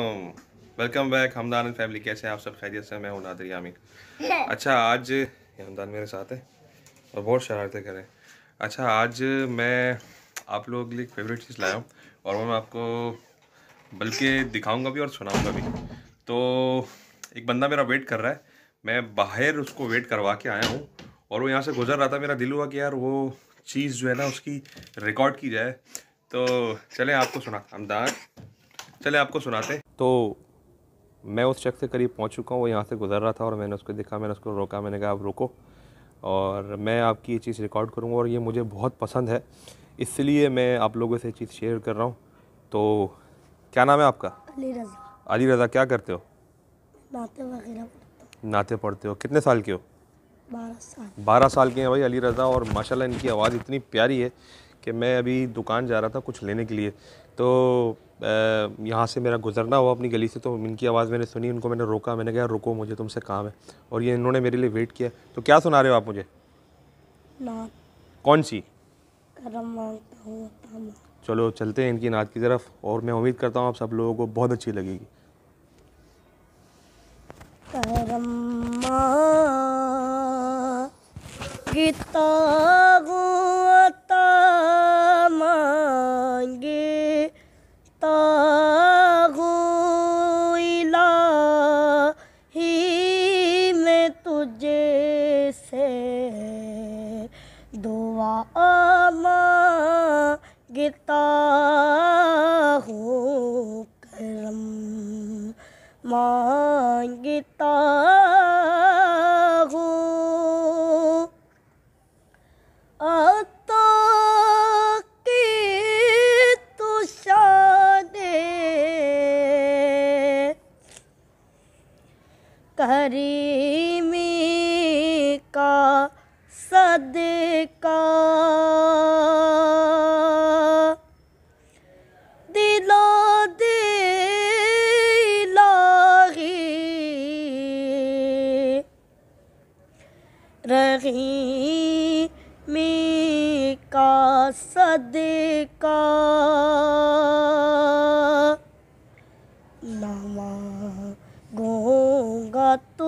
Welcome back Hamdan family कैसे हैं आप सब खैरियत से मैं हूं नादिर यामिक अच्छा आज हमदान मेरे साथ है और बहुत शरारतें करें अच्छा आज मैं आप लोगों के लिए फेवरेट चीज़ लाया हूँ और मैं आपको बल्कि दिखाऊंगा भी और सुनाऊंगा भी तो एक बंदा मेरा वेट कर रहा है मैं बाहर उसको वेट करवा के आया हूँ और वो यहाँ से गुजर रहा था मेरा दिल हुआ कि यार वो चीज़ जो है ना उसकी रिकॉर्ड की जाए तो चले आपको सुना हमदान चले आपको सुनाते तो मैं उस शख्स के करीब पहुंच चुका हूँ वो यहाँ से गुजर रहा था और मैंने उसको देखा मैंने उसको रोका मैंने कहा आप रोको और मैं आपकी ये चीज़ रिकॉर्ड करूँगा और ये मुझे बहुत पसंद है इसलिए मैं आप लोगों से चीज़ शेयर कर रहा हूँ तो क्या नाम है आपका अली रज़ा अली रज़ा क्या करते हो नाते वगैरह नाते पढ़ते हो कितने साल के हो बारह साल बारह साल के हैं भाई अली रज़ा और माशाल्लाह इनकी आवाज़ इतनी प्यारी है कि मैं अभी दुकान जा रहा था कुछ लेने के लिए तो यहाँ से मेरा गुजरना हुआ अपनी गली से तो इनकी आवाज़ मैंने सुनी उनको मैंने रोका मैंने कहा रुको मुझे तुमसे काम है और ये इन्होंने मेरे लिए वेट किया तो क्या सुना रहे हो आप मुझे कौन सी चलो चलते हैं इनकी नाच की तरफ और मैं उम्मीद करता हूँ आप सब लोगों को बहुत अच्छी लगेगी गुत मांगे तागो ही तुझे से दुआ मांगता हूँ करम मांगता करीमी का सदका दिलो दिलाही रही मी का सदका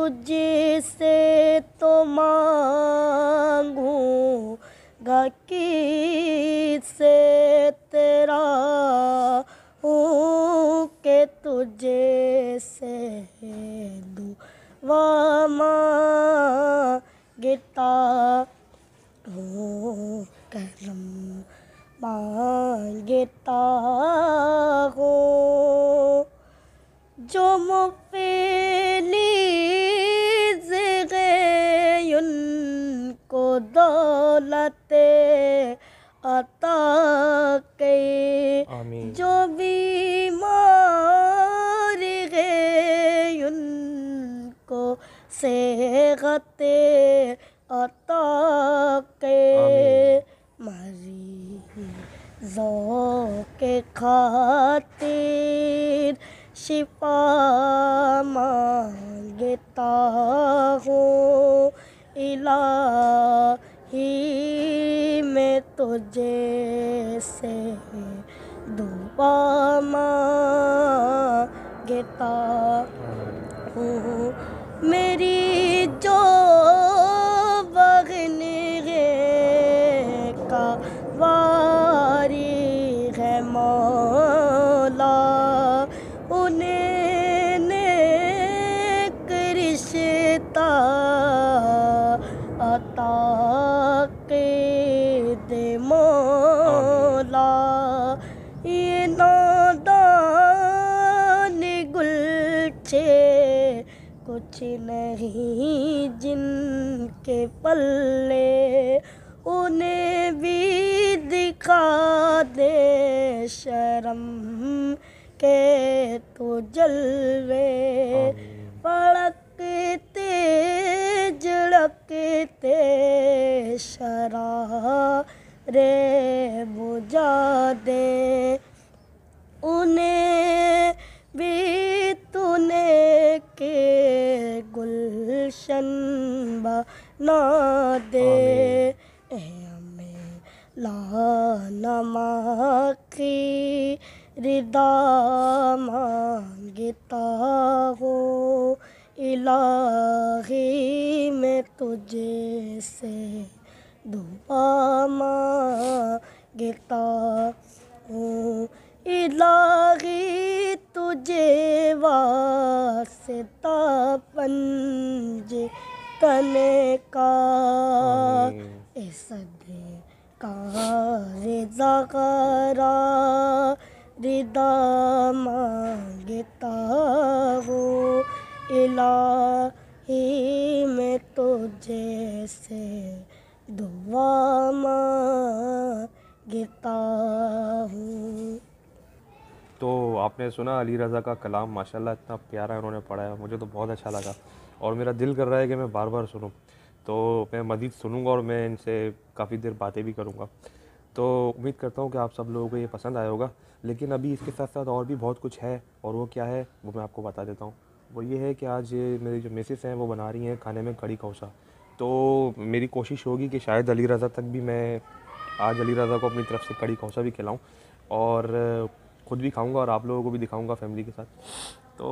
तुझसे तो मांगूंगा से तेरा के तुझे से दू वीता हो करम मांगता से गते अता के मरीजों के खातिर शिपा मांगता हूँ इलाही मैं तुझे से दुआ मांगता हूँ मेरी जो गे का वारी है मौला उन्हें ने रिश्ता अता के दे मौला कुछ नहीं जिनके पल्ले उन्हें भी दिखा दे शर्म के तो जलवे पड़कते जड़कते शरा रे बुझा दे उन्हें गुलशन बना दे हमें लानमा की रिदा मांगता हो इलाही में तुझे से दुआ मांगता हूँ इलाही तुझे वास्ता पंज कने का सदे का रिदा करा रिदा मांगता वो इलाही में तुझे से दुआ मांगता हूँ तो आपने सुना अली रज़ा का कलाम माशाल्लाह इतना प्यारा उन्होंने पढ़ाया मुझे तो बहुत अच्छा लगा और मेरा दिल कर रहा है कि मैं बार बार सुनूँ तो मैं मज़ीद सुनूँगा और मैं इनसे काफ़ी देर बातें भी करूँगा तो उम्मीद करता हूँ कि आप सब लोगों को ये पसंद आया होगा लेकिन अभी इसके साथ साथ और भी बहुत कुछ है और वो क्या है वो मैं आपको बता देता हूँ वो ये है कि आज मेरी जो मिसेस हैं वो बना रही हैं खाने में कड़ी कौसा तो मेरी कोशिश होगी कि शायद अली रज़ा तक भी मैं आज अली रज़ा को अपनी तरफ से कड़ी कौसा भी खिलाऊँ और खुद भी खाऊंगा और आप लोगों को भी दिखाऊंगा फैमिली के साथ तो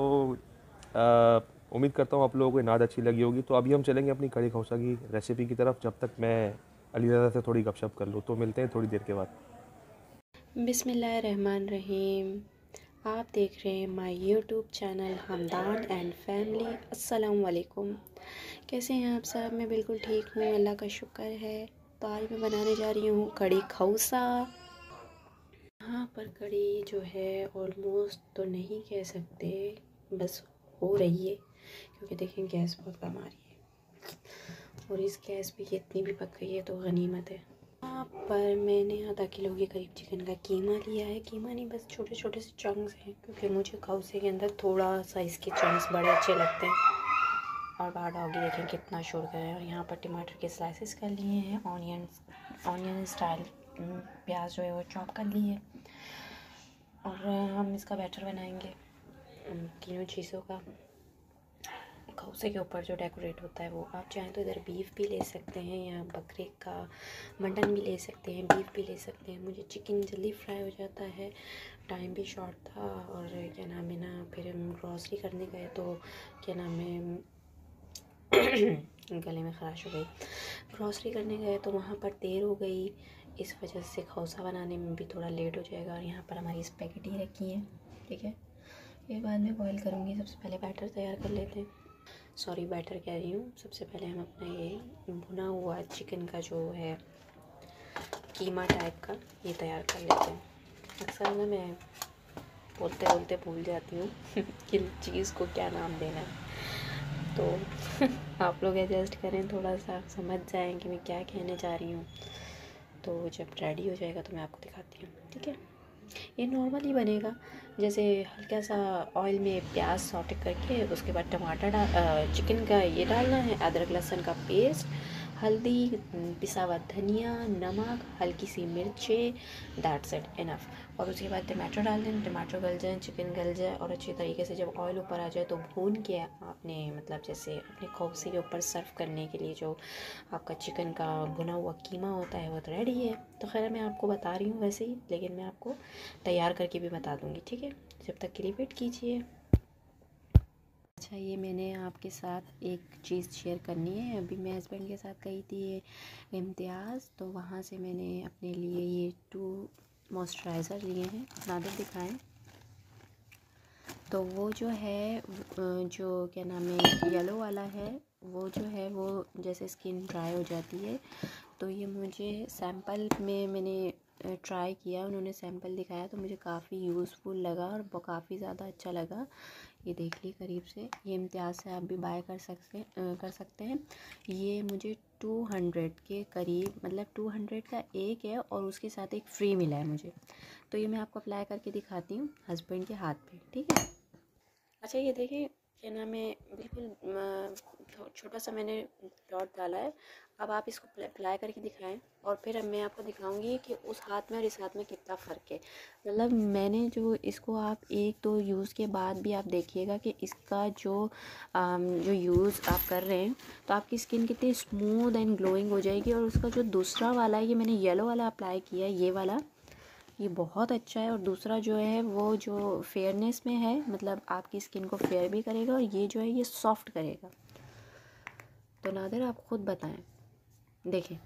उम्मीद करता हूँ आप लोगों को नाद अच्छी लगी होगी तो अभी हम चलेंगे अपनी कड़ी खौसा की रेसिपी की तरफ जब तक मैं अली दादा से थोड़ी गपशप कर लूँ तो मिलते हैं थोड़ी देर के बाद बिसमीम आप देख रहे हैं my YouTube channel Hamdan and family अस्सलाम वालेकुम कैसे हैं आप सब मैं बिल्कुल ठीक हूँ अल्लाह का शुक्र है तो आज मैं बनाने जा रही हूँ कड़ी खौसा यहाँ पर कड़ी जो है ऑलमोस्ट तो नहीं कह सकते बस हो रही है क्योंकि देखें गैस बहुत कम आ रही है और इस गैस पे इतनी भी पक गई है तो गनीमत है यहाँ पर मैंने आधा किलो के करीब चिकन का कीमा लिया है कीमा नहीं बस छोटे छोटे से चंक्स हैं क्योंकि मुझे कौसे के अंदर थोड़ा सा इसके चंक्स बड़े अच्छे लगते हैं और बाहर डॉगी देखें कितना शोर करें और यहाँ पर टमाटर के स्लाइसेस कर लिए हैं ऑनियन ऑनियन स्टाइल प्याज जो है वो चॉप कर लिए और हम इसका बैटर बनाएंगे तीनों चीज़ों का खौसे के ऊपर जो डेकोरेट होता है वो आप चाहें तो इधर बीफ भी ले सकते हैं या बकरे का मटन भी ले सकते हैं बीफ भी ले सकते हैं मुझे चिकन जल्दी फ्राई हो जाता है टाइम भी शॉर्ट था और क्या नाम है ना फिर हम ग्रॉसरी करने गए तो क्या नाम है गले में खराश हो गई ग्रॉसरी करने गए तो वहाँ पर देर हो गई इस वजह से खौसा बनाने में भी थोड़ा लेट हो जाएगा और यहाँ पर हमारी ही रखी है ठीक है ये बाद में बॉईल करूँगी सबसे पहले बैटर तैयार कर लेते हैं सॉरी बैटर कह रही हूँ सबसे पहले हम अपना ये भुना हुआ चिकन का जो है कीमा टाइप का ये तैयार कर लेते हैं अक्सर ना मैं बोलते बोलते भूल जाती हूँ कि चीज़ को क्या नाम देना है तो आप लोग एडजस्ट करें थोड़ा सा समझ जाएँ कि मैं क्या कहने जा रही हूँ तो जब रेडी हो जाएगा तो मैं आपको दिखाती हूँ ठीक है ये नॉर्मल ही बनेगा जैसे हल्का सा ऑयल में प्याज सॉटे करके उसके बाद टमाटर चिकन का ये डालना है अदरक लहसुन का पेस्ट हल्दी पिसा हुआ धनिया नमक हल्की सी मिर्चें दैट्स इट इनफ और उसके बाद टमाटो डाल दें टमाटो गल जाए चिकन गल जाए और अच्छी तरीके से जब ऑयल ऊपर आ जाए तो भून के आपने मतलब जैसे अपने खोसे के ऊपर सर्व करने के लिए जो आपका चिकन का भुना हुआ कीमा होता है वो तो रेडी है तो खैर मैं आपको बता रही हूँ वैसे ही लेकिन मैं आपको तैयार करके भी बता दूँगी ठीक है जब तक के लिए वेट कीजिए अच्छा ये मैंने आपके साथ एक चीज़ शेयर करनी है अभी मैं हस्बैंड के साथ गई थी ये इम्तियाज़ तो वहाँ से मैंने अपने लिए ये टू मॉइस्चराइज़र लिए हैं नादर दिखाएं तो वो जो है जो क्या नाम है येलो वाला है वो जो है वो जैसे स्किन ड्राई हो जाती है तो ये मुझे सैम्पल में मैंने ट्राई किया उन्होंने सैम्पल दिखाया तो मुझे काफ़ी यूज़फुल लगा और काफ़ी ज़्यादा अच्छा लगा ये देख ली करीब से ये इम्तियाज़ से आप भी बाय कर सकते कर सकते हैं ये मुझे टू हंड्रेड के करीब मतलब टू हंड्रेड का एक है और उसके साथ एक फ्री मिला है मुझे तो ये मैं आपको अप्लाई करके दिखाती हूँ हस्बैंड के हाथ पे ठीक है अच्छा ये देखिए क्या नाम है बिल्कुल छोटा सा मैंने डॉट डाला है अब आप इसको अप्लाई करके दिखाएं और फिर मैं आपको दिखाऊंगी कि उस हाथ में और इस हाथ में कितना फ़र्क है मतलब मैंने जो इसको आप एक दो तो यूज़ के बाद भी आप देखिएगा कि इसका जो जो यूज़ आप कर रहे हैं तो आपकी स्किन कितनी स्मूद एंड ग्लोइंग हो जाएगी और उसका जो दूसरा वाला है ये मैंने येलो वाला अप्लाई किया है ये वाला ये बहुत अच्छा है और दूसरा जो है वो जो फेयरनेस में है मतलब आपकी स्किन को फेयर भी करेगा और ये जो है ये सॉफ्ट करेगा तो नादिर आप खुद बताएं देखें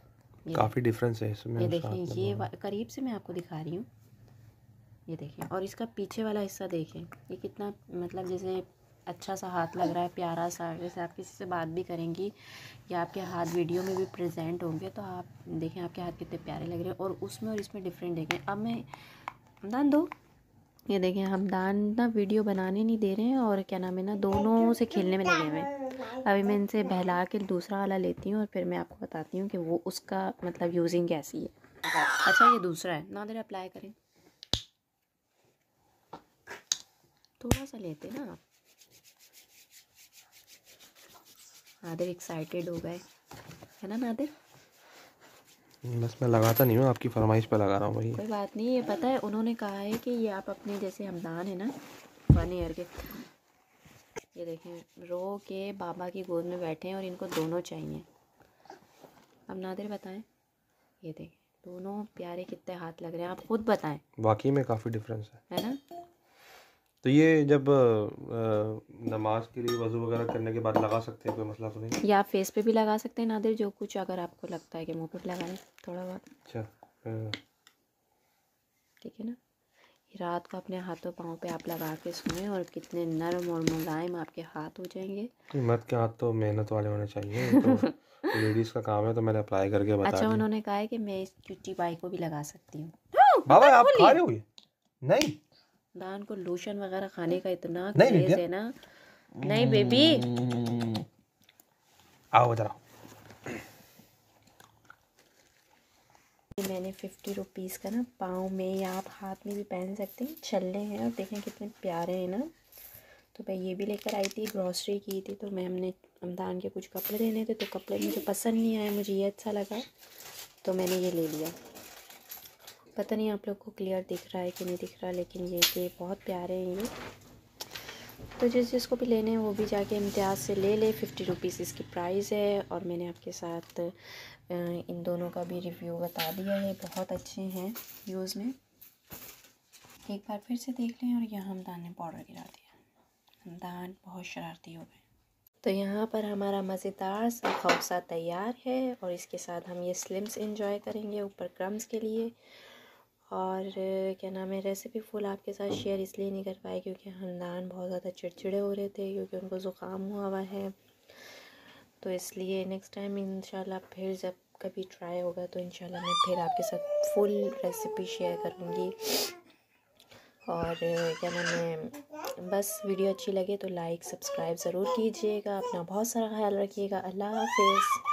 काफ़ी डिफरेंस है इसमें ये देखें ये करीब से मैं आपको दिखा रही हूँ ये देखें और इसका पीछे वाला हिस्सा देखें ये कितना मतलब जैसे अच्छा सा हाथ लग रहा है प्यारा सा जैसे आप किसी से बात भी करेंगी या आपके हाथ वीडियो में भी प्रेजेंट होंगे तो आप देखें आपके हाथ कितने प्यारे लग रहे हैं और उसमें और इसमें डिफरेंट देखें अब मैं दान दो ये देखें हम दान ना वीडियो बनाने नहीं दे रहे हैं और क्या नाम है ना दोनों से खेलने में लगे हुए हैं अभी मैं इनसे बहला के दूसरा वाला लेती हूँ और फिर मैं आपको बताती हूँ कि वो उसका मतलब यूजिंग कैसी है अच्छा ये दूसरा है ना देर अप्लाई करें थोड़ा सा लेते ना आप नादिर एक्साइटेड हो गए है ना नादिर बस मैं लगाता नहीं हूँ आपकी फरमाइश पर लगा रहा हूँ भाई कोई बात नहीं ये पता है उन्होंने कहा है कि ये आप अपने जैसे हमदान है ना वन ईयर के ये देखें रो के बाबा की गोद में बैठे हैं और इनको दोनों चाहिए अब नादिर बताएं ये देखें दोनों प्यारे कितने हाथ लग रहे हैं आप खुद बताएं वाकई में काफ़ी डिफरेंस है है ना तो ये जब नमाज के लिए वजू वगैरह करने के बाद लगा सकते हैं कोई मसला तो नहीं या फेस पे भी लगा सकते हैं नादिर जो कुछ अगर आपको लगता है कि मुंह पे लगाएं थोड़ा बहुत अच्छा ठीक है ना रात को अपने हाथों पाँव पे आप लगा के सोए और कितने नरम और मुलायम आपके हाथ हो जाएंगे मत के हाथ तो मेहनत वाले होने चाहिए तो लेडीज का काम है तो मैंने अप्लाई करके बताया अच्छा उन्होंने कहा है कि मैं इस चुट्टी बाई को भी लगा सकती हूँ हाँ, नहीं दान को लोशन वगैरह खाने का इतना नहीं है ना नहीं बेबी आओ जरा मैंने फिफ्टी रुपीस का ना पाँव में या आप हाथ में भी पहन सकते हैं छल्ले हैं और देखें कितने प्यारे हैं ना तो मैं ये भी लेकर आई थी ग्रॉसरी की थी तो मैम ने रमदान के कुछ कपड़े लेने थे तो कपड़े मुझे पसंद नहीं आए मुझे ये अच्छा लगा तो मैंने ये ले लिया पता नहीं आप लोग को क्लियर दिख रहा है कि नहीं दिख रहा लेकिन ये कि बहुत प्यारे हैं ये तो जिस जिसको भी लेने हैं वो भी जाके इम्तियाज़ से ले ले फिफ्टी रुपीज़ इसकी प्राइस है और मैंने आपके साथ इन दोनों का भी रिव्यू बता दिया है बहुत अच्छे हैं यूज़ में एक बार फिर से देख लें और यहाँ हमदान ने पाउडर गिरा दिया हमदान बहुत शरारती हो गए तो यहाँ पर हमारा मज़ेदार सा खौसा तैयार है और इसके साथ हम ये स्लिम्स इंजॉय करेंगे ऊपर क्रम्स के लिए और क्या नाम है रेसिपी फुल आपके साथ शेयर हम्म। इसलिए नहीं कर पाए क्योंकि ख़ानदान बहुत ज़्यादा चिड़चिड़े हो रहे थे क्योंकि उनको ज़ुकाम हुआ हुआ है तो इसलिए नेक्स्ट टाइम इन फिर जब कभी ट्राई होगा तो इन मैं फिर आपके साथ फुल रेसिपी शेयर करूँगी और क्या नाम है बस वीडियो अच्छी लगे तो लाइक सब्सक्राइब ज़रूर कीजिएगा अपना बहुत सारा ख्याल रखिएगा अल्लाह हाफिज़